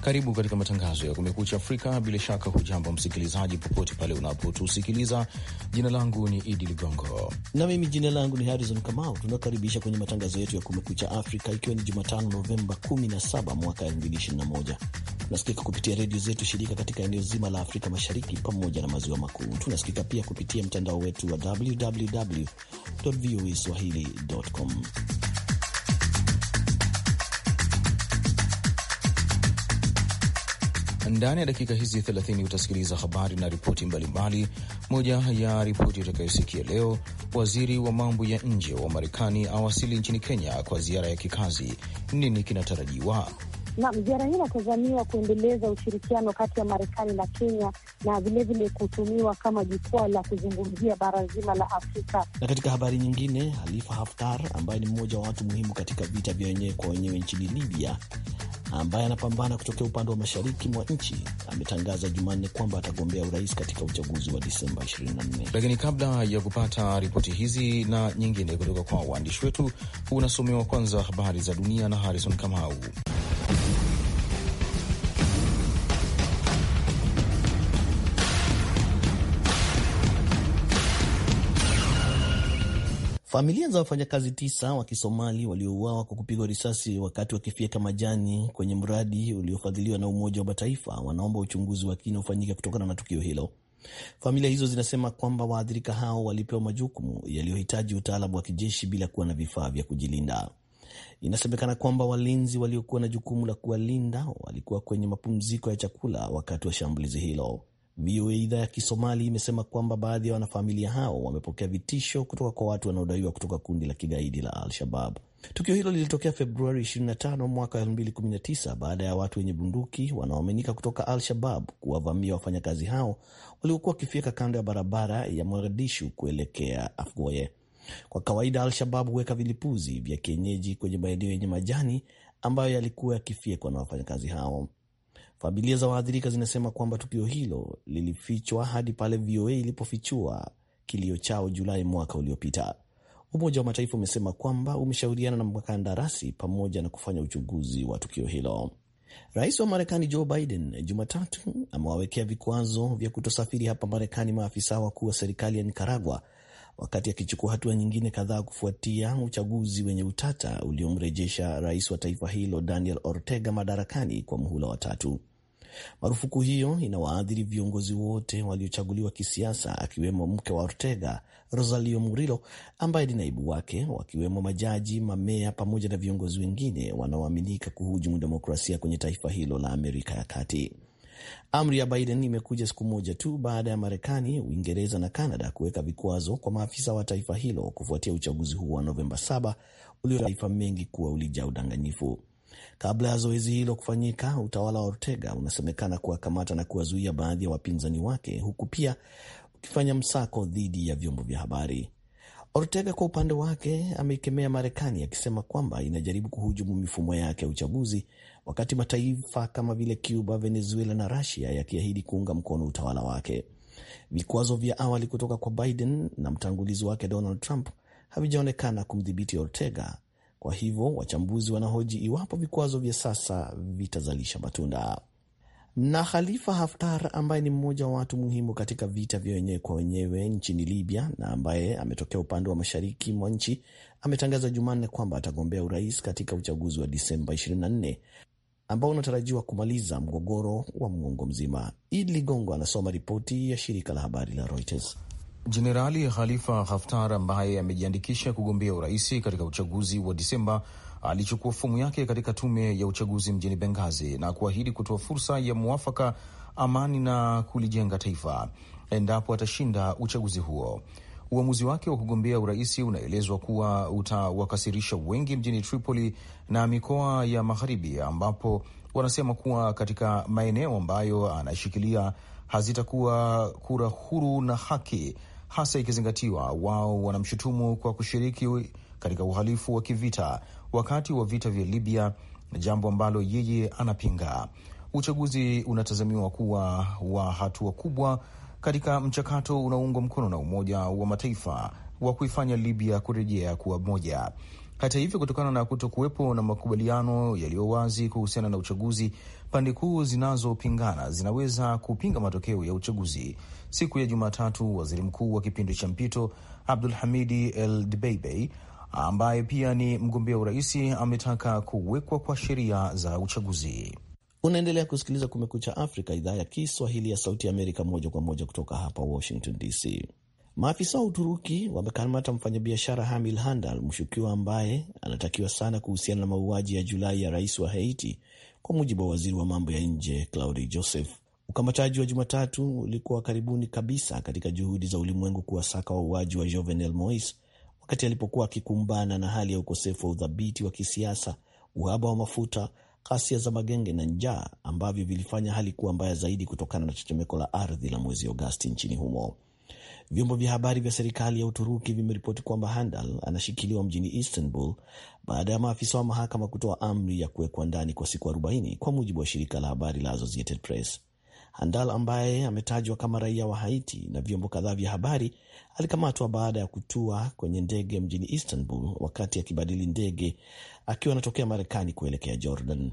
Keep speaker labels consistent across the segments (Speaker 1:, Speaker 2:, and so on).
Speaker 1: Karibu katika matangazo ya Kumekucha Afrika. Bila shaka, hujambo msikilizaji, popote pale unapotusikiliza. Jina langu ni Idi
Speaker 2: Ligongo na mimi jina langu ni Harrison Kamau. Tunakaribisha kwenye matangazo yetu ya Kumekucha Afrika, ikiwa ni Jumatano Novemba 17 mwaka 2021. Tunasikika kupitia redio zetu shirika katika eneo zima la Afrika Mashariki pamoja na maziwa makuu. Tunasikika pia kupitia mtandao wetu wa www voa swahili.com. Ndani ya dakika
Speaker 1: hizi 30 utasikiliza habari na ripoti mbalimbali. Moja ya ripoti utakayosikia leo, waziri wa mambo ya nje wa Marekani awasili nchini Kenya kwa ziara ya kikazi. Nini kinatarajiwa?
Speaker 3: Naam, ziara hii inatazamiwa kuendeleza ushirikiano kati ya Marekani na Kenya na vilevile kutumiwa kama jukwaa la kuzungumzia bara zima la Afrika.
Speaker 2: Na katika habari nyingine, Halifa Haftar ambaye ni mmoja wa watu muhimu katika vita vya wenyewe kwa wenyewe nchini Libya ambaye anapambana kutokea upande wa mashariki mwa nchi ametangaza Jumanne kwamba atagombea urais katika uchaguzi wa Disemba 24.
Speaker 1: Lakini kabla ya kupata ripoti hizi na nyingine kutoka kwa waandishi wetu, unasomewa kwanza habari za dunia na Harrison Kamau.
Speaker 2: Familia za wafanyakazi tisa wa Kisomali waliouawa kwa kupigwa risasi wakati wakifyeka majani kwenye mradi uliofadhiliwa na Umoja wa Mataifa wanaomba uchunguzi wa kina ufanyike kutokana na tukio hilo. Familia hizo zinasema kwamba waathirika hao walipewa majukumu yaliyohitaji utaalamu wa kijeshi bila kuwa na vifaa vya kujilinda. Inasemekana kwamba walinzi waliokuwa na jukumu la kuwalinda walikuwa kwenye mapumziko ya chakula wakati wa shambulizi hilo. VOA idhaa ya Kisomali imesema kwamba baadhi ya wanafamilia hao wamepokea vitisho kutoka kwa watu wanaodaiwa kutoka kundi la kigaidi la Al-Shabab. Tukio hilo lilitokea Februari 25 mwaka 2019 baada ya watu wenye bunduki wanaoaminika kutoka Al-Shabab kuwavamia wafanyakazi hao waliokuwa wakifika kando ya barabara ya Mogadishu kuelekea Afgoye. Kwa kawaida, Al-Shabab huweka vilipuzi vya kienyeji kwenye maeneo yenye majani ambayo yalikuwa yakifyekwa na wafanyakazi hao. Familia za waathirika zinasema kwamba tukio hilo lilifichwa hadi pale VOA ilipofichua kilio chao Julai mwaka uliopita. Umoja wa Mataifa umesema kwamba umeshauriana na mkandarasi pamoja na kufanya uchunguzi wa tukio hilo. Rais wa Marekani Joe Biden Jumatatu amewawekea vikwazo vya kutosafiri hapa Marekani maafisa wakuu wa serikali ya Nikaragua, wakati akichukua hatua nyingine kadhaa kufuatia uchaguzi wenye utata uliomrejesha rais wa taifa hilo Daniel Ortega madarakani kwa muhula wa tatu. Marufuku hiyo inawaadhiri viongozi wote waliochaguliwa kisiasa, akiwemo mke wa Ortega, rosalio murilo ambaye ni naibu wake, wakiwemo majaji, mameya pamoja na viongozi wengine wanaoaminika kuhujumu demokrasia kwenye taifa hilo la Amerika ya Kati. Amri ya Biden imekuja siku moja tu baada ya Marekani, Uingereza na Kanada kuweka vikwazo kwa maafisa wa taifa hilo kufuatia uchaguzi huo wa Novemba 7 ulio taifa mengi kuwa ulijaa udanganyifu. Kabla ya zoezi hilo kufanyika, utawala wa Ortega unasemekana kuwakamata na kuwazuia baadhi ya wapinzani wake, huku pia ukifanya msako dhidi ya vyombo vya habari. Ortega kwa upande wake ameikemea Marekani akisema kwamba inajaribu kuhujumu mifumo yake ya uchaguzi, wakati mataifa kama vile Cuba, Venezuela na rasia yakiahidi kuunga mkono utawala wake. Vikwazo vya awali kutoka kwa Biden na mtangulizi wake Donald Trump havijaonekana kumdhibiti Ortega kwa hivyo wachambuzi wanahoji iwapo vikwazo vya sasa vitazalisha matunda. Na Khalifa Haftar ambaye ni mmoja wa watu muhimu katika vita vya wenyewe kwa wenyewe nchini Libya na ambaye ametokea upande wa mashariki mwa nchi ametangaza Jumanne kwamba atagombea urais katika uchaguzi wa Disemba 24 ambao unatarajiwa kumaliza mgogoro wa mwongo mzima. Idi Ligongo anasoma ripoti ya shirika la habari la Reuters.
Speaker 1: Jenerali Khalifa Haftar ambaye amejiandikisha kugombea uraisi katika uchaguzi wa Disemba alichukua fomu yake katika tume ya uchaguzi mjini Bengazi na kuahidi kutoa fursa ya mwafaka, amani na kulijenga taifa endapo atashinda uchaguzi huo. Uamuzi wake wa kugombea uraisi unaelezwa kuwa utawakasirisha wengi mjini Tripoli na mikoa ya magharibi, ambapo wanasema kuwa katika maeneo ambayo anashikilia hazitakuwa kura huru na haki, hasa ikizingatiwa wao wanamshutumu kwa kushiriki katika uhalifu wa kivita wakati wa vita vya Libya, jambo ambalo yeye anapinga. Uchaguzi unatazamiwa kuwa wa hatua kubwa katika mchakato unaoungwa mkono na Umoja wa Mataifa wa kuifanya Libya kurejea kuwa moja. Hata hivyo, kutokana na kutokuwepo na makubaliano yaliyo wazi kuhusiana na uchaguzi, pande kuu zinazopingana zinaweza kupinga matokeo ya uchaguzi. Siku ya Jumatatu, waziri mkuu wa kipindi cha mpito Abdul Hamidi El Dbeibeh ambaye pia ni mgombea uraisi ametaka kuwekwa
Speaker 2: kwa sheria za uchaguzi. Unaendelea kusikiliza Kumekucha Afrika, idhaa ya Kiswahili ya Sauti ya Amerika, moja kwa moja kutoka hapa Washington DC. Maafisa wa Uturuki wamekamata mfanyabiashara Hamil Handal, mshukiwa ambaye anatakiwa sana kuhusiana na mauaji ya Julai ya rais wa Haiti, kwa mujibu wa waziri wa mambo ya nje claudi Joseph. Ukamataji wa Jumatatu ulikuwa wa karibuni kabisa katika juhudi za ulimwengu kuwasaka wauaji wa Jovenel Moise wakati alipokuwa akikumbana na hali ya ukosefu wa udhabiti wa kisiasa, uhaba wa mafuta, ghasia za magenge na njaa ambavyo vilifanya hali kuwa mbaya zaidi kutokana na tetemeko la ardhi la mwezi Agosti nchini humo. Vyombo vya habari vya serikali ya Uturuki vimeripoti kwamba Handal anashikiliwa mjini Istanbul baada ya maafisa wa mahakama kutoa amri ya kuwekwa ndani kwa siku 40 kwa mujibu wa shirika la habari la Associated Press. Handal ambaye ametajwa kama raia wa Haiti na vyombo kadhaa vya habari alikamatwa baada ya kutua kwenye ndege mjini Istanbul wakati akibadili ndege akiwa anatokea Marekani kuelekea Jordan.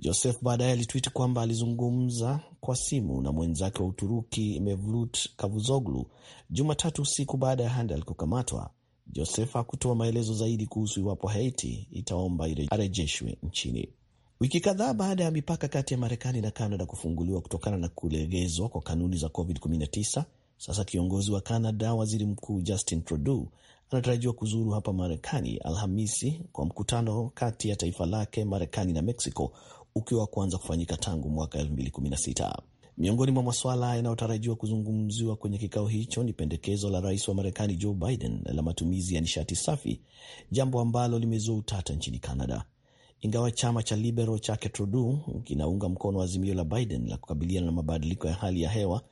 Speaker 2: Joseph baadaye alitwiti kwamba alizungumza kwa simu na mwenzake wa Uturuki Mevlut Kavuzoglu Jumatatu usiku baada ya Handel kukamatwa. Joseph hakutoa maelezo zaidi kuhusu iwapo Haiti itaomba arejeshwe nchini. Wiki kadhaa baada ya mipaka kati ya Marekani na Kanada kufunguliwa kutokana na kulegezwa kwa kanuni za COVID-19, sasa kiongozi wa Kanada, waziri mkuu Justin Trudeau, anatarajiwa kuzuru hapa Marekani Alhamisi kwa mkutano kati ya taifa lake, Marekani na Mexico, ukiwa wa kwanza kufanyika tangu mwaka 2016. Miongoni mwa masuala yanayotarajiwa kuzungumziwa kwenye kikao hicho ni pendekezo la rais wa Marekani Joe Biden la matumizi ya nishati safi, jambo ambalo limezua utata nchini Canada, ingawa chama cha Liberal chake Trudeau kinaunga mkono azimio la Biden la kukabiliana na mabadiliko ya hali ya hewa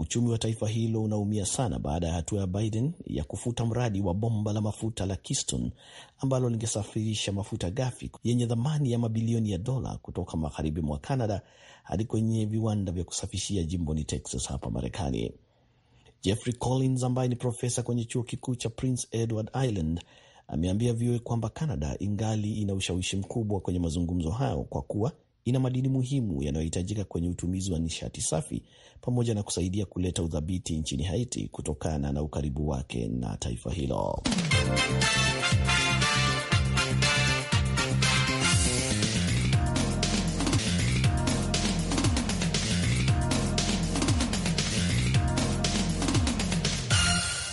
Speaker 2: Uchumi wa taifa hilo unaumia sana baada ya hatua ya Biden ya kufuta mradi wa bomba la mafuta la Keystone ambalo lingesafirisha mafuta ghafi yenye thamani ya mabilioni ya dola kutoka magharibi mwa Canada hadi kwenye viwanda vya kusafishia jimboni Texas hapa Marekani. Jeffrey Collins ambaye ni profesa kwenye chuo kikuu cha Prince Edward Island ameambia VOA kwamba Canada ingali ina ushawishi mkubwa kwenye mazungumzo hayo kwa kuwa ina madini muhimu yanayohitajika kwenye utumizi wa nishati safi pamoja na kusaidia kuleta udhabiti nchini Haiti kutokana na ukaribu wake na taifa hilo.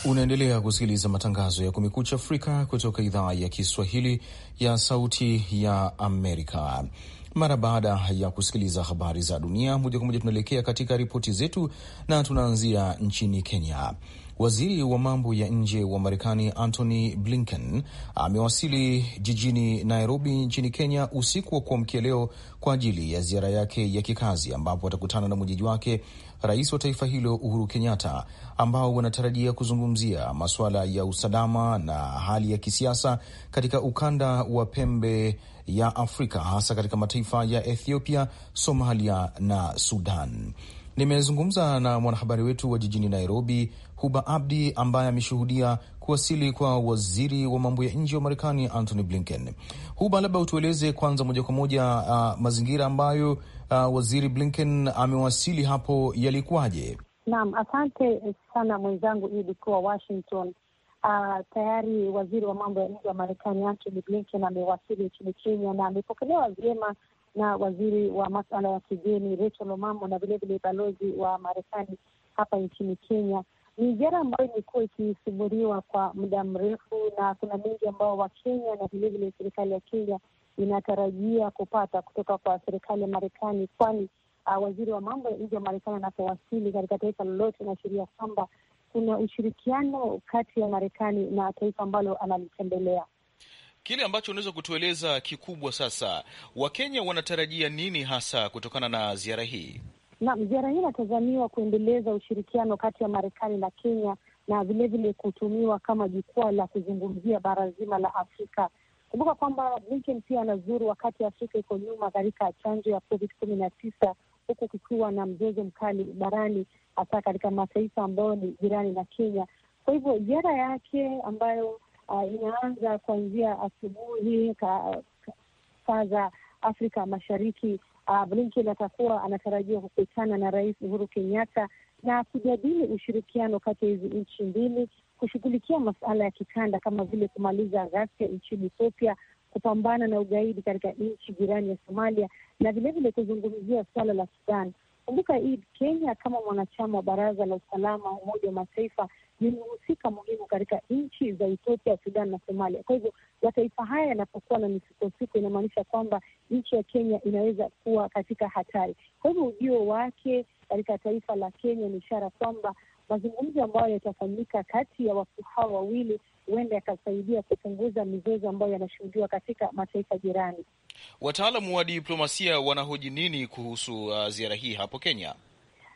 Speaker 1: Unaendelea kusikiliza matangazo ya Kumekucha Afrika kutoka idhaa ya Kiswahili ya Sauti ya Amerika. Mara baada ya kusikiliza habari za dunia moja kwa moja, tunaelekea katika ripoti zetu na tunaanzia nchini Kenya. Waziri wa mambo ya nje wa Marekani Antony Blinken amewasili jijini Nairobi nchini Kenya usiku wa kuamkia leo kwa ajili ya ziara yake ya kikazi ambapo atakutana na mwenyeji wake rais wa taifa hilo Uhuru Kenyatta, ambao wanatarajia kuzungumzia masuala ya usalama na hali ya kisiasa katika ukanda wa pembe ya Afrika, hasa katika mataifa ya Ethiopia, Somalia na Sudan. Nimezungumza na mwanahabari wetu wa jijini Nairobi Huba Abdi ambaye ameshuhudia kuwasili kwa waziri wa mambo ya nje wa Marekani Antony Blinken. Huba, labda utueleze kwanza moja kwa moja uh, mazingira ambayo uh, waziri Blinken amewasili hapo yalikuwaje?
Speaker 3: Naam, asante sana mwenzangu Idi kuwa Washington. Uh, tayari waziri wa mambo ya nje wa Marekani Antony Blinken amewasili nchini Kenya na amepokelewa vyema na waziri wa masala ya kigeni Rachel Omamo na vilevile balozi wa Marekani hapa nchini Kenya ni jera ambayo imekuwa ikisuburiwa kwa muda mrefu, na kuna mengi ambao Wakenya na vilevile serikali ya Kenya inatarajia kupata kutoka kwa serikali ya Marekani, kwani uh, waziri wa mambo ya nje wa Marekani anapowasili katika taifa lolote inaashiria kwamba kuna ushirikiano kati ya Marekani na taifa ambalo analitembelea.
Speaker 1: Kile ambacho unaweza kutueleza kikubwa sasa, Wakenya wanatarajia nini hasa kutokana na ziara hii?
Speaker 3: Naam, ziara hii inatazamiwa kuendeleza ushirikiano kati ya Marekani na Kenya na vilevile kutumiwa kama jukwaa la kuzungumzia bara zima la Afrika. Kumbuka kwamba Blinken pia anazuru wakati Afrika iko nyuma katika chanjo ya COVID kumi na tisa, huku kukiwa na mzozo mkali barani, hasa katika mataifa ambayo ni jirani na Kenya. Kwa hivyo ziara yake ambayo uh, inaanza kuanzia asubuhi saa za Afrika Mashariki Uh, ah, Blinken atakuwa anatarajiwa kukutana na Rais Uhuru Kenyatta na kujadili ushirikiano kati ya hizi nchi mbili, kushughulikia masuala ya kikanda kama vile kumaliza ghasia nchini Ethiopia, kupambana na ugaidi katika nchi jirani ya Somalia na vilevile kuzungumzia suala la Sudan. Kumbuka Eid, Kenya kama mwanachama wa Baraza la Usalama wa Umoja wa Mataifa ni mhusika muhimu katika nchi za Ethiopia, Sudan na Somalia. Kwa hivyo mataifa haya yanapokuwa na misukosuko, inamaanisha kwamba nchi ya Kenya inaweza kuwa katika hatari. Kwa hivyo ujio wake katika taifa la Kenya ni ishara kwamba mazungumzo ambayo yatafanyika kati ya wakuu hawa wawili huenda yakasaidia kupunguza mizozo ambayo yanashuhudiwa katika mataifa jirani.
Speaker 1: Wataalamu wa diplomasia wanahoji nini kuhusu uh, ziara hii hapo Kenya?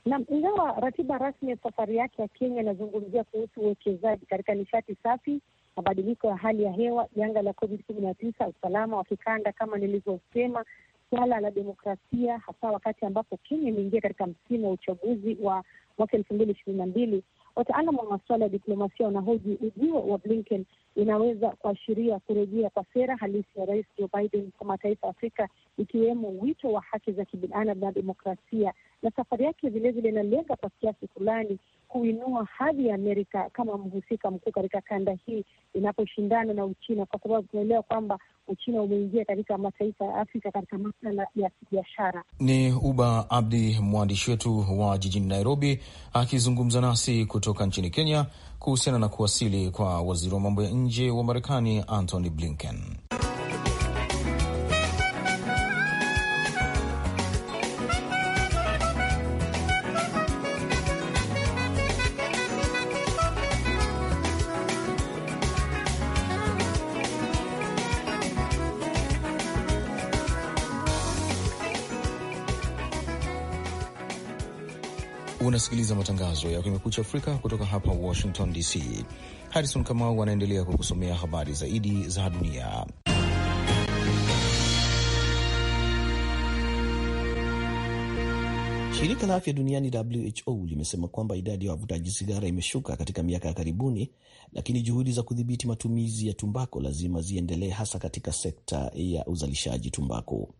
Speaker 3: nam ingawa ratiba rasmi ya safari yake ya Kenya inazungumzia kuhusu uwekezaji katika nishati safi, mabadiliko ya hali ya hewa, janga la Covid kumi na tisa, usalama wa kikanda kama nilivyosema, swala la demokrasia, hasa wakati ambapo Kenya imeingia katika msimu wa uchaguzi wa mwaka elfu mbili ishirini na mbili Wataalam wa masuala ya diplomasia wanahoji ujio wa Blinken inaweza kuashiria kurejea kwa sera halisi ya Rais Joe Biden kwa mataifa ya Afrika, ikiwemo wito wa haki za kibinadamu na demokrasia, na safari yake vilevile inalenga kwa kiasi fulani kuinua hadhi ya Amerika kama mhusika mkuu katika kanda hii inaposhindana na Uchina, kwa sababu tunaelewa kwamba Uchina umeingia katika mataifa ya Afrika katika masala ya kibiashara.
Speaker 1: Ni Uba Abdi, mwandishi wetu wa jijini Nairobi, akizungumza nasi kutoka nchini Kenya kuhusiana na kuwasili kwa waziri wa mambo ya nje wa Marekani Antony Blinken. Unasikiliza matangazo ya Kumekucha Afrika kutoka hapa Washington DC. Harrison Kamau anaendelea kukusomea habari zaidi za dunia.
Speaker 2: Shirika la afya duniani WHO limesema kwamba idadi ya wavutaji sigara imeshuka katika miaka ya karibuni, lakini juhudi za kudhibiti matumizi ya tumbako lazima ziendelee, hasa katika sekta ya uzalishaji tumbako.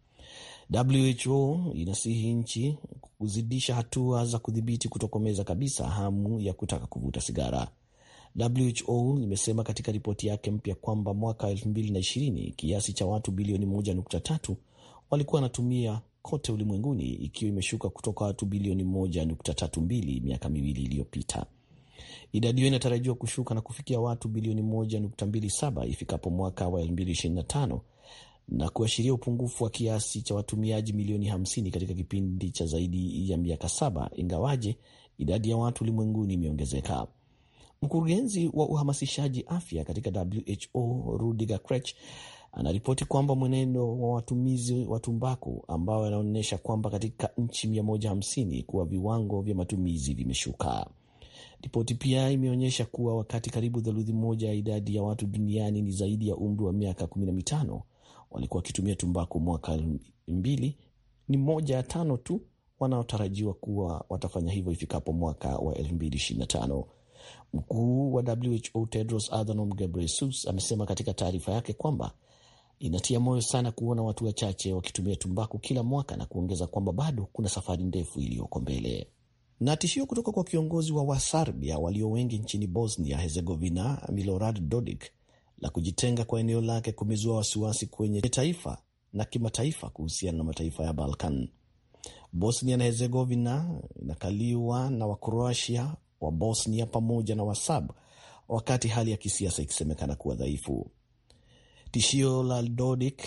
Speaker 2: WHO inasihi nchi kuzidisha hatua za kudhibiti kutokomeza kabisa hamu ya kutaka kuvuta sigara. WHO imesema katika ripoti yake mpya kwamba mwaka 2020 kiasi cha watu bilioni 1.3 walikuwa wanatumia kote ulimwenguni, ikiwa imeshuka kutoka watu bilioni 1.32 miaka miwili iliyopita. Idadi hiyo inatarajiwa kushuka na kufikia watu bilioni 1.27 ifikapo mwaka wa 2025 na kuashiria upungufu wa kiasi cha watumiaji milioni 50 katika kipindi cha zaidi ya miaka saba, ingawaje idadi ya watu ulimwenguni imeongezeka. Mkurugenzi wa uhamasishaji afya katika WHO Rudiger Krech anaripoti kwamba mwenendo wa watumizi wa tumbaku ambao yanaonyesha kwamba katika nchi 150 kuwa viwango vya matumizi vimeshuka. Ripoti pia imeonyesha kuwa wakati karibu theluthi moja ya idadi ya watu duniani ni zaidi ya umri wa miaka 15, walikuwa wakitumia tumbaku mwaka mbili ni moja ya tano tu wanaotarajiwa kuwa watafanya hivyo ifikapo mwaka wa 2025. Mkuu wa WHO Tedros Adhanom Ghebreyesus amesema katika taarifa yake kwamba inatia moyo sana kuona watu wachache wakitumia tumbaku kila mwaka na kuongeza kwamba bado kuna safari ndefu iliyoko mbele. Na tishio kutoka kwa kiongozi wa Wasarbia walio wengi nchini Bosnia Herzegovina Milorad Dodik la kujitenga kwa eneo lake kumezua wasiwasi kwenye taifa na kimataifa kuhusiana na mataifa ya Balkan. Bosnia na Herzegovina inakaliwa na Wakroatia wa Bosnia pamoja na Wasab, wakati hali ya kisiasa ikisemekana kuwa dhaifu. Tishio la Dodik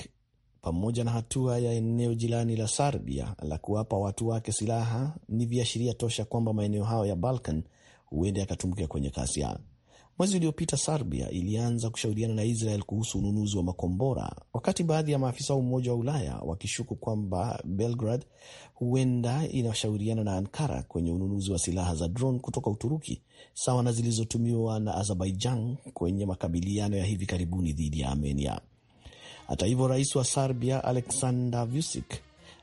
Speaker 2: pamoja na hatua ya eneo jirani la Serbia la kuwapa watu wake silaha ni viashiria tosha kwamba maeneo hayo ya Balkan huenda yakatumbukia kwenye kasia. Mwezi uliopita Serbia ilianza kushauriana na Israel kuhusu ununuzi wa makombora, wakati baadhi ya maafisa wa Umoja wa Ulaya wakishuku kwamba Belgrad huenda inashauriana na Ankara kwenye ununuzi wa silaha za drone kutoka Uturuki, sawa na zilizotumiwa na Azerbaijan kwenye makabiliano ya hivi karibuni dhidi ya Armenia. Hata hivyo, rais wa Serbia Aleksandar Vucic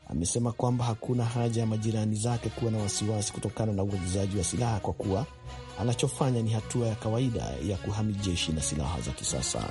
Speaker 2: amesema kwamba hakuna haja ya majirani zake kuwa na wasiwasi kutokana na uagizaji wa silaha kwa kuwa anachofanya ni hatua ya kawaida ya kuhami jeshi na silaha za kisasa.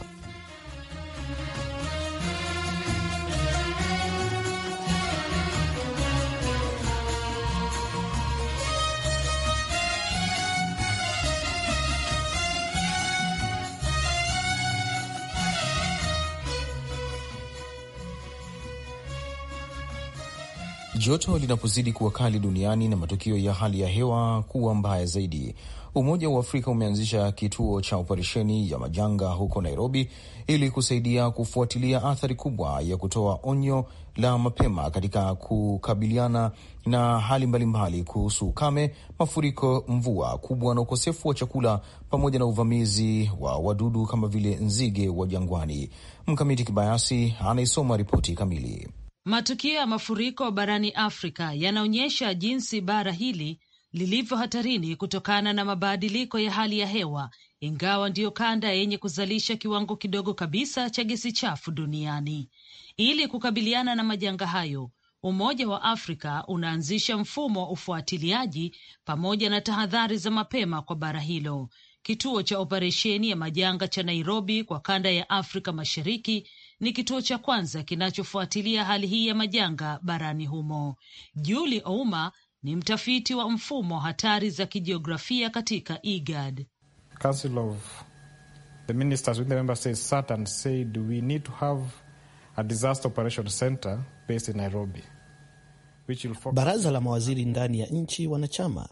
Speaker 1: Joto linapozidi kuwa kali duniani na matukio ya hali ya hewa kuwa mbaya zaidi, Umoja wa Afrika umeanzisha kituo cha operesheni ya majanga huko Nairobi ili kusaidia kufuatilia athari kubwa ya kutoa onyo la mapema katika kukabiliana na hali mbalimbali kuhusu ukame, mafuriko, mvua kubwa na ukosefu wa chakula pamoja na uvamizi wa wadudu kama vile nzige wa jangwani. Mkamiti Kibayasi anaisoma ripoti kamili.
Speaker 4: Matukio ya mafuriko barani Afrika yanaonyesha jinsi bara hili lilivyo hatarini kutokana na mabadiliko ya hali ya hewa, ingawa ndiyo kanda yenye kuzalisha kiwango kidogo kabisa cha gesi chafu duniani. Ili kukabiliana na majanga hayo, Umoja wa Afrika unaanzisha mfumo wa ufuatiliaji pamoja na tahadhari za mapema kwa bara hilo. Kituo cha operesheni ya majanga cha Nairobi kwa kanda ya Afrika Mashariki ni kituo cha kwanza kinachofuatilia hali hii ya majanga barani humo. juli Ouma ni mtafiti wa mfumo hatari za kijiografia katika IGAD.
Speaker 2: Council of the Ministers with the member states sat and said we need to have a disaster operation center based in Nairobi. Baraza la mawaziri ndani ya nchi wanachama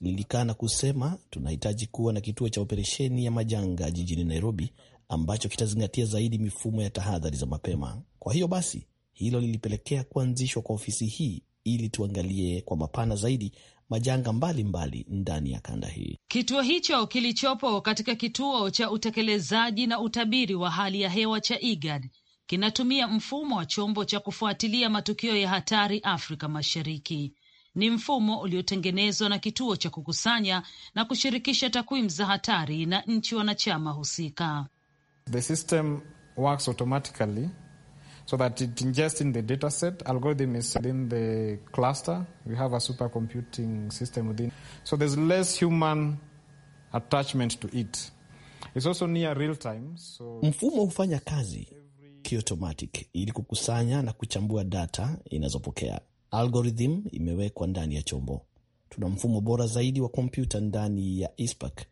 Speaker 2: lilikana kusema tunahitaji kuwa na kituo cha operesheni ya majanga jijini Nairobi ambacho kitazingatia zaidi mifumo ya tahadhari za mapema. Kwa hiyo basi, hilo lilipelekea kuanzishwa kwa ofisi hii ili tuangalie kwa mapana zaidi majanga mbalimbali mbali ndani ya kanda hii.
Speaker 4: Kituo hicho kilichopo katika kituo cha utekelezaji na utabiri wa hali ya hewa cha IGAD kinatumia mfumo wa chombo cha kufuatilia matukio ya hatari Afrika Mashariki. Ni mfumo uliotengenezwa na kituo cha kukusanya na kushirikisha takwimu za hatari na nchi wanachama husika.
Speaker 1: The system works automatically so that it ingests in the data set. Algorithm is within the cluster. We have a supercomputing system within. So there's less human attachment to it. It's also near real time. So mfumo
Speaker 2: hufanya kazi kiotomatic ili kukusanya na kuchambua data inazopokea. Algorithm imewekwa ndani ya chombo. Tuna mfumo bora zaidi wa kompyuta ndani ya ISPAC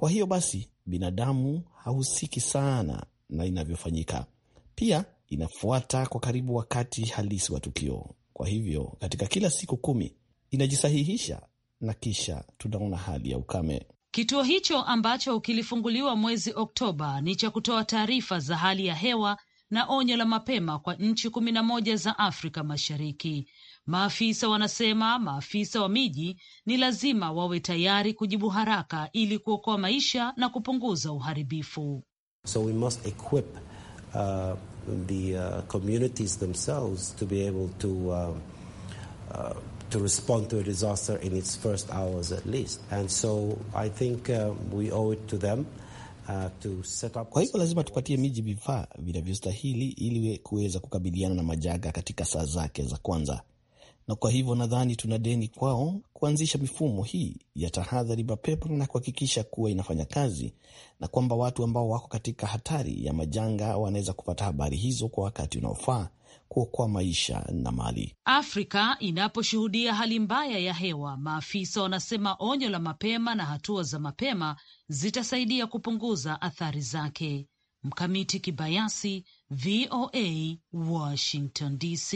Speaker 2: kwa hiyo basi binadamu hahusiki sana na inavyofanyika, pia inafuata kwa karibu wakati halisi wa tukio. Kwa hivyo katika kila siku kumi inajisahihisha na kisha tunaona hali ya ukame.
Speaker 4: Kituo hicho ambacho kilifunguliwa mwezi Oktoba ni cha kutoa taarifa za hali ya hewa na onyo la mapema kwa nchi kumi na moja za Afrika Mashariki. Maafisa wanasema maafisa wa miji ni lazima wawe tayari kujibu haraka ili kuokoa maisha na kupunguza uharibifu.
Speaker 2: So we must equip, uh, the, uh, communities themselves to be able to, uh, uh, to respond to a disaster in its first hours at least. And so I think, uh, we owe it to them. Uh, Kwa hivyo lazima tupatie miji vifaa vinavyostahili ili kuweza kukabiliana na majanga katika saa zake za kwanza na kwa hivyo nadhani tuna deni kwao kuanzisha mifumo hii ya tahadhari mapema na kuhakikisha kuwa inafanya kazi na kwamba watu ambao wako katika hatari ya majanga wanaweza kupata habari hizo kwa wakati unaofaa kuokoa maisha na mali.
Speaker 4: Afrika inaposhuhudia hali mbaya ya hewa, maafisa wanasema onyo la mapema na hatua za mapema zitasaidia kupunguza athari zake. Mkamiti Kibayasi, VOA, Washington DC.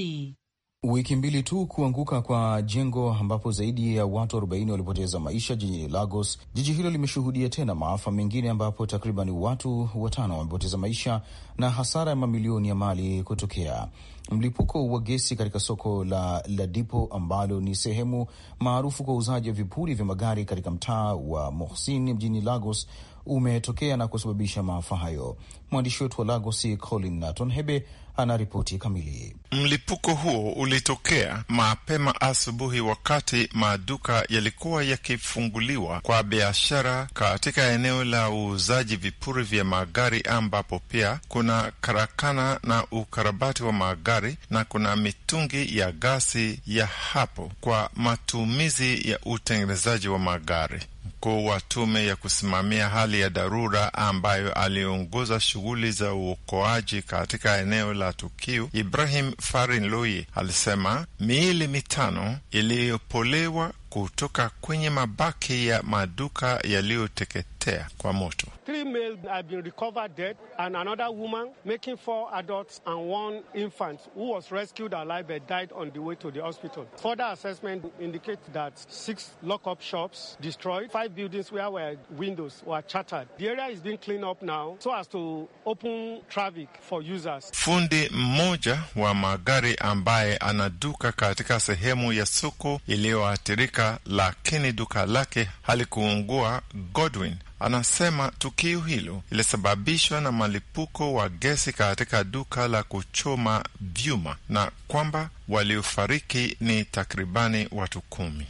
Speaker 1: Wiki mbili tu kuanguka kwa jengo ambapo zaidi ya watu 40 walipoteza maisha jijini Lagos, jiji hilo limeshuhudia tena maafa mengine ambapo takriban watu watano wamepoteza maisha na hasara ya mamilioni ya mali kutokea. Mlipuko wa gesi katika soko la Ladipo ambalo ni sehemu maarufu kwa uuzaji wa vipuri vya magari katika mtaa wa Mohsin mjini Lagos umetokea na kusababisha maafa hayo. Mwandishi wetu wa Lagos Colin Naton Hebe ana ripoti kamili.
Speaker 5: Mlipuko huo ulitokea mapema asubuhi, wakati maduka yalikuwa yakifunguliwa kwa biashara katika eneo la uuzaji vipuri vya magari, ambapo pia kuna karakana na ukarabati wa magari na kuna mitungi ya gasi ya hapo kwa matumizi ya utengenezaji wa magari mkuu wa tume ya kusimamia hali ya dharura ambayo aliongoza shughuli za uokoaji katika eneo la tukio, Ibrahim Farin Lui alisema miili mitano iliyopolewa kutoka kwenye mabaki ya maduka yaliyoteketea kwa moto. Three males have been
Speaker 2: recovered dead, and another woman, making four adults and one infant who was rescued alive but died on the way to the hospital. Further assessment indicates that six lock-up shops destroyed, five buildings where were windows were shattered. The area is being cleaned up now so as to open traffic for users.
Speaker 5: Fundi mmoja wa magari ambaye anaduka katika sehemu ya soko iliyoathirika, lakini duka lake halikuungua. Godwin anasema tu Tukio hilo ilisababishwa na malipuko wa gesi katika duka la kuchoma vyuma na kwamba waliofariki ni takribani watu kumi.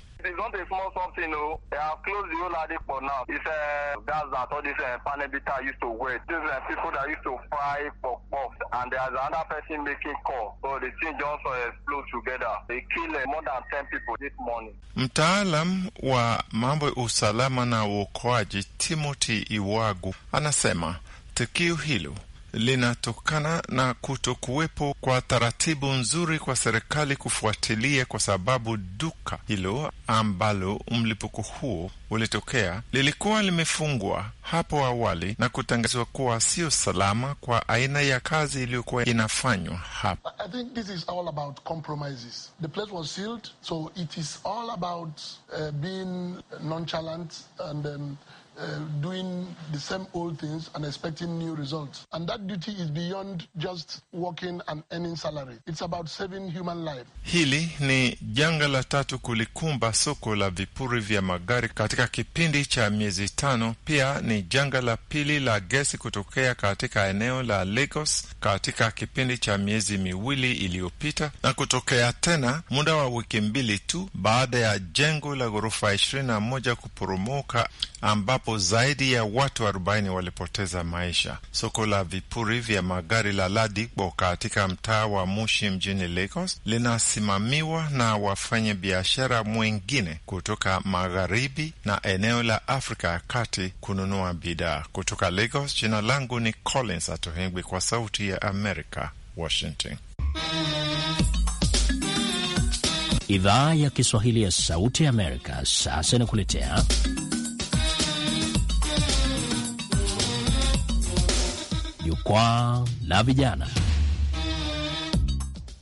Speaker 5: not a small something, know, They have closed the whole for now.
Speaker 6: It's uh, that's that all these uh, panelbita used to wear. These uh, people that used to fry pork puffs, and there's another person making call.
Speaker 5: So the thing just uh, explode together. They kill uh, more than 10 people this morning. Mtaalam wa mambo ya usalama na uokoaji Timothy Iwagu anasema tukio hilo linatokana na kutokuwepo kwa taratibu nzuri kwa serikali kufuatilia, kwa sababu duka hilo ambalo mlipuko huo ulitokea lilikuwa limefungwa hapo awali na kutangazwa kuwa sio salama kwa aina ya kazi iliyokuwa inafanywa hapo. Uh, doing the same old things and expecting new results. And that duty is beyond just working and earning salary. It's about saving human life. Hili ni janga la tatu kulikumba soko la vipuri vya magari katika kipindi cha miezi tano. Pia ni janga la pili la gesi kutokea katika eneo la Lagos katika kipindi cha miezi miwili iliyopita na kutokea tena muda wa wiki mbili tu baada ya jengo la ghorofa 21 kuporomoka ambapo ambapo zaidi ya watu 40 walipoteza maisha. Soko la vipuri vya magari la Ladigbo katika mtaa wa Mushi mjini Lagos linasimamiwa na wafanya biashara mwengine kutoka magharibi na eneo la Afrika ya kati kununua bidhaa kutoka Lagos. Jina langu ni Collins Atohengwi kwa Sauti ya Amerika, Washington.
Speaker 2: Idhaa ya Kiswahili ya Sauti ya Amerika sasa inakuletea
Speaker 1: jukwaa la vijana.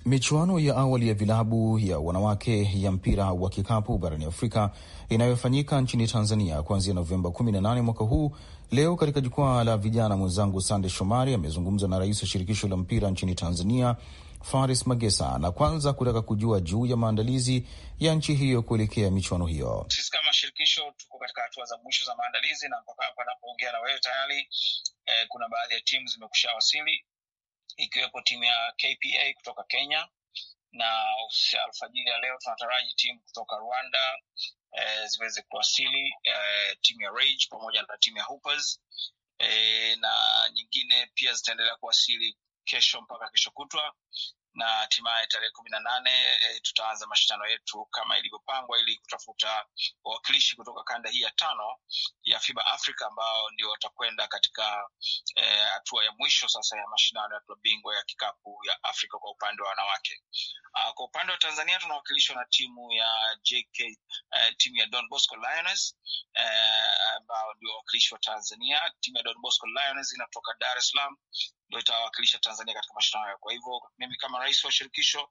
Speaker 1: Michuano ya awali ya vilabu ya wanawake ya mpira wa kikapu barani Afrika inayofanyika nchini Tanzania kuanzia Novemba 18 mwaka huu. Leo katika jukwaa la vijana, mwenzangu Sande Shomari amezungumza na rais wa shirikisho la mpira nchini Tanzania, Faris Magesa, na kwanza kutaka kujua juu ya maandalizi ya nchi hiyo kuelekea michuano hiyo
Speaker 6: shirikisho tuko katika hatua za mwisho za maandalizi, na mpaka hapa anapoongea na wewe tayari eh, kuna baadhi ya timu zimekusha wasili ikiwepo timu ya KPA kutoka Kenya na alfajiri ya leo tunataraji timu kutoka Rwanda eh, ziweze kuwasili eh, timu ya Rage pamoja na timu ya Hoopers eh, na nyingine pia zitaendelea kuwasili kesho mpaka kesho kutwa na hatimaye tarehe kumi na nane e, tutaanza mashindano yetu kama ilivyopangwa ili kutafuta wawakilishi kutoka kanda hii ya tano ya FIBA Africa ambao ndio watakwenda katika e, hatua e, ya mwisho sasa ya mashindano ya klabu bingwa ya kikapu ya Afrika kwa upande wa wanawake. Uh, kwa upande wa Tanzania tunawakilishwa na timu ya JK uh, e, timu ya Don Bosco Lions e, ambao uh, ndio wawakilishi wa Tanzania. Timu ya Don Bosco Lions inatoka Dar es Salaam ndo itawakilisha Tanzania katika mashindano hayo. Kwa hivyo mimi kama rais wa shirikisho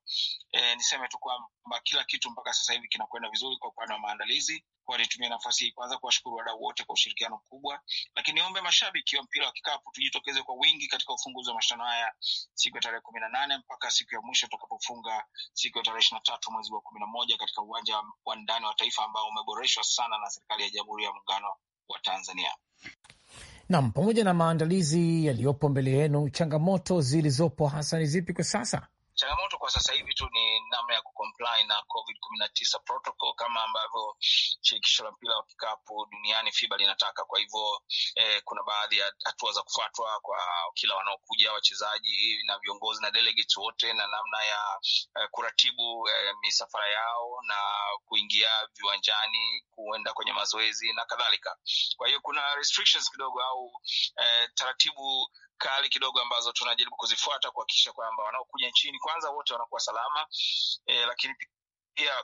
Speaker 6: eh, niseme tu kwamba kila kitu mpaka sasa hivi kinakwenda vizuri kwa upande wa maandalizi. Kwa nafasi hii kwanza kuwashukuru wadau wote kwa ushirikiano mkubwa, lakini niombe mashabiki wa mpira wa kikapu tujitokeze kwa wingi katika ufunguzi wa mashindano haya siku ya tarehe kumi na nane mpaka siku ya mwisho tutakapofunga siku ya tarehe ishiri na tatu mwezi wa kumi na moja katika uwanja wa ndani wa Taifa ambao umeboreshwa sana na serikali ya Jamhuri ya Muungano wa Tanzania. Nam, pamoja na maandalizi yaliyopo mbele yenu, changamoto zilizopo hasa ni zipi kwa sasa Changamoto kwa sasa hivi tu ni namna ya kucomply na COVID kumi na tisa protocol kama ambavyo shirikisho la mpira wa kikapu duniani FIBA linataka. Kwa hivyo eh, kuna baadhi ya hatua za kufuatwa kwa kila wanaokuja wachezaji na viongozi na delegates wote, na namna ya eh, kuratibu eh, misafara yao na kuingia viwanjani, kuenda kwenye mazoezi na kadhalika. Kwa hiyo kuna restrictions kidogo au eh, taratibu kali kidogo ambazo tunajaribu kuzifuata kuhakikisha kwamba wanaokuja nchini kwanza wote wanakuwa salama e, lakini pia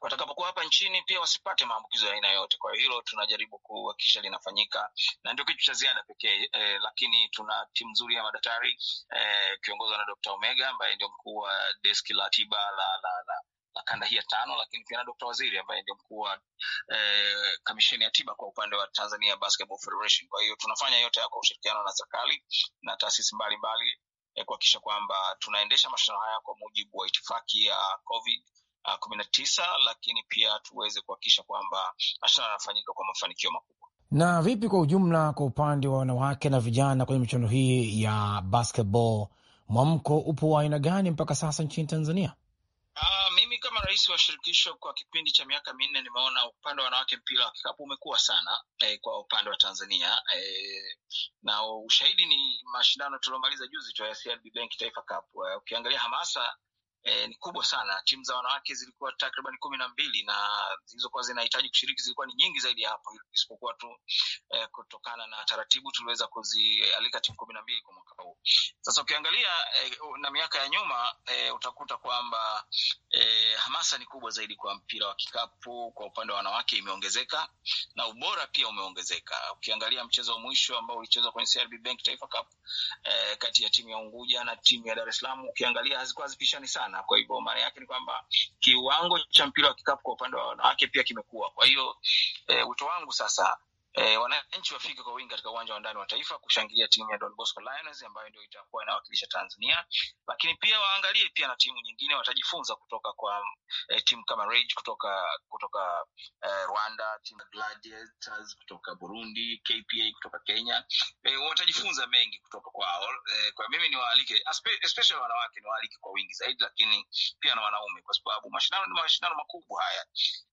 Speaker 6: watakapokuwa hapa nchini pia wasipate maambukizo ya aina yote. Kwa hiyo hilo tunajaribu kuhakikisha linafanyika na ndio kitu cha ziada pekee e, lakini tuna timu nzuri ya madaktari e, kiongozwa na Dr. Omega ambaye ndio mkuu wa deski la tiba la, la, la na kanda hii ya tano, lakini pia na dokta Waziri ambaye ndio mkuu wa eh, kamisheni ya tiba kwa upande wa Tanzania Basketball Federation. Kwa hiyo tunafanya yote haya kwa ushirikiano na serikali na taasisi mbalimbali eh, kuhakikisha kwamba tunaendesha mashindano haya kwa mujibu wa itifaki ya COVID ah, kumi na tisa, lakini pia tuweze kuhakikisha kwamba mashindano yanafanyika kwa mafanikio makubwa. Na vipi kwa ujumla kwa upande wa wanawake na vijana kwenye michuano hii ya basketball, mwamko upo wa aina gani mpaka sasa nchini Tanzania? Uh, mimi kama rais wa shirikisho kwa kipindi cha miaka minne nimeona upande wa wanawake mpira wa kikapu umekuwa sana eh, kwa upande wa Tanzania eh, na ushahidi ni mashindano tuliomaliza juzi tu ya CRB Bank Taifa Cup. Uh, ukiangalia hamasa e, ni kubwa sana. Timu za wanawake zilikuwa takriban kumi na mbili na zilizokuwa zinahitaji kushiriki zilikuwa ni nyingi zaidi ya hapo, isipokuwa tu e, kutokana na taratibu tuliweza kuzialika timu kumi na mbili kwa mwaka huu. Sasa ukiangalia e, na miaka ya nyuma e, utakuta kwamba e, hamasa ni kubwa zaidi kwa mpira wa kikapu kwa upande wa wanawake imeongezeka na ubora pia umeongezeka. Ukiangalia mchezo wa mwisho ambao ulichezwa kwenye CRB Bank Taifa Cup e, kati ya timu ya Unguja na timu ya Dar es Salaam, ukiangalia hazikuwa hazipishani sana sana. Kwa hivyo maana yake ni kwamba kiwango cha mpira wa kikapu kwa upande wa wanawake pia kimekuwa. Kwa hiyo e, wito wangu sasa E, wananchi wafike kwa wingi katika uwanja wa ndani wa taifa kushangilia timu ya Don Bosco Lions ambayo ndio itakuwa inawakilisha Tanzania, lakini pia waangalie pia na timu nyingine, watajifunza kutoka kwa e, timu kama Rage kutoka kutoka e, Rwanda, timu Gladiators kutoka Burundi, KPA kutoka Kenya. E, watajifunza mengi kutoka kwao. E, kwa mimi niwaalike especially wanawake niwaalike kwa wingi zaidi, lakini pia na wanaume, kwa sababu mashindano ni mashindano makubwa haya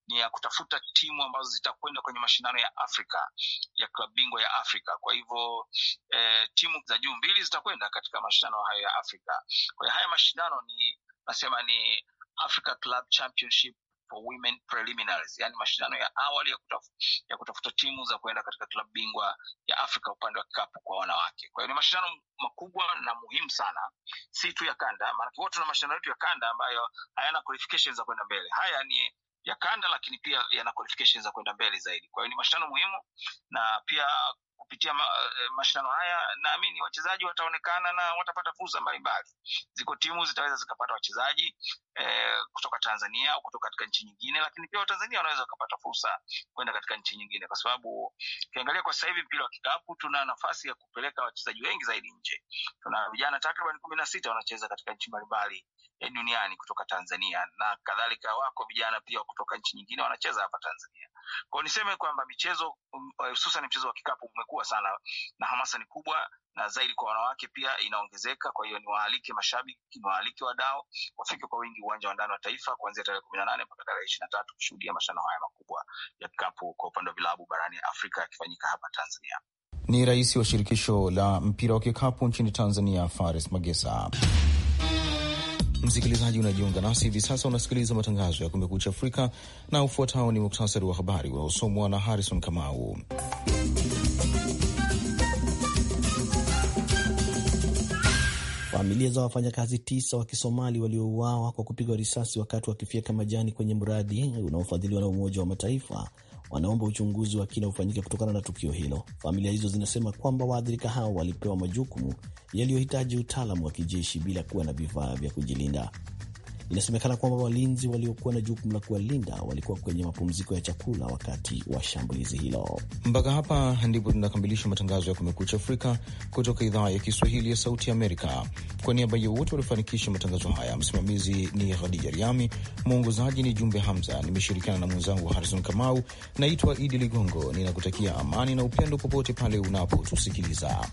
Speaker 6: ni ya kutafuta timu ambazo zitakwenda kwenye mashindano ya Afrika ya klabu bingwa ya Afrika. Kwa hivyo eh, timu za juu mbili zitakwenda katika mashindano hayo ya Afrika. Kwa hiyo haya mashindano ni nasema ni Africa Club Championship for Women Preliminaries, yani mashindano ya awali ya, kutaf ya kutafuta timu za kuenda katika klabu bingwa ya Afrika upande wa kikapu kwa wanawake. Kwa hiyo ni mashindano makubwa na muhimu sana, si tu ya kanda, maanake huwa tuna mashindano yetu ya kanda ambayo hayana qualifications za kwenda mbele. Haya ni ya kanda, lakini pia yana qualification za kwenda mbele zaidi. Kwa hiyo ni mashindano muhimu, na pia kupitia ma, eh, mashindano haya naamini wachezaji wataonekana na watapata fursa mbalimbali. Ziko timu zitaweza zikapata wachezaji eh, kutoka Tanzania au kutoka katika nchi nyingine, lakini pia Watanzania wanaweza wakapata fursa kwenda katika nchi nyingine, kwa sababu ukiangalia kwa sasa hivi mpira wa kikapu tuna nafasi ya kupeleka wachezaji wengi zaidi nje. Tuna vijana takriban kumi na sita wanacheza katika nchi mbalimbali Eh, duniani kutoka Tanzania na kadhalika. Wako vijana pia kutoka nchi nyingine wanacheza hapa Tanzania. Kwao niseme kwamba michezo um, hususan mchezo wa kikapu umekuwa sana na hamasa ni kubwa na zaidi kwa wanawake pia inaongezeka. Kwa hiyo niwaalike mashabiki, niwaalike wadau wafike kwa wingi uwanja wa ndani wa Taifa kuanzia tarehe kumi na nane mpaka tarehe ishirini na tatu kushuhudia mashindano haya makubwa ya kikapu kwa upande wa vilabu barani Afrika yakifanyika hapa Tanzania.
Speaker 1: Ni rais wa shirikisho la mpira wa kikapu nchini Tanzania, Faris Magesa. Msikilizaji unajiunga nasi hivi sasa, unasikiliza matangazo ya Kumekucha Afrika na ufuatao ni muktasari wa habari unaosomwa
Speaker 2: na Harrison Kamau. Familia za wafanyakazi tisa wa Kisomali waliouawa kwa kupigwa risasi wakati wakifyeka majani kwenye mradi unaofadhiliwa na Umoja wa Mataifa wanaomba uchunguzi wa kina ufanyike kutokana na tukio hilo. Familia hizo zinasema kwamba waathirika hao walipewa majukumu yaliyohitaji utaalamu wa kijeshi bila kuwa na vifaa vya kujilinda. Inasemekana kwamba walinzi waliokuwa na jukumu la kuwalinda walikuwa kwenye mapumziko ya chakula wakati wa shambulizi hilo.
Speaker 1: Mpaka hapa ndipo tunakamilisha matangazo ya Kumekucha Afrika kutoka idhaa ya Kiswahili ya Sauti ya Amerika. Kwa niaba ya wote waliofanikisha matangazo haya, msimamizi ni Khadija Riami, mwongozaji ni Jumbe Hamza, nimeshirikiana na mwenzangu Harison Kamau. Naitwa Idi Ligongo, ninakutakia amani na upendo popote pale unapotusikiliza.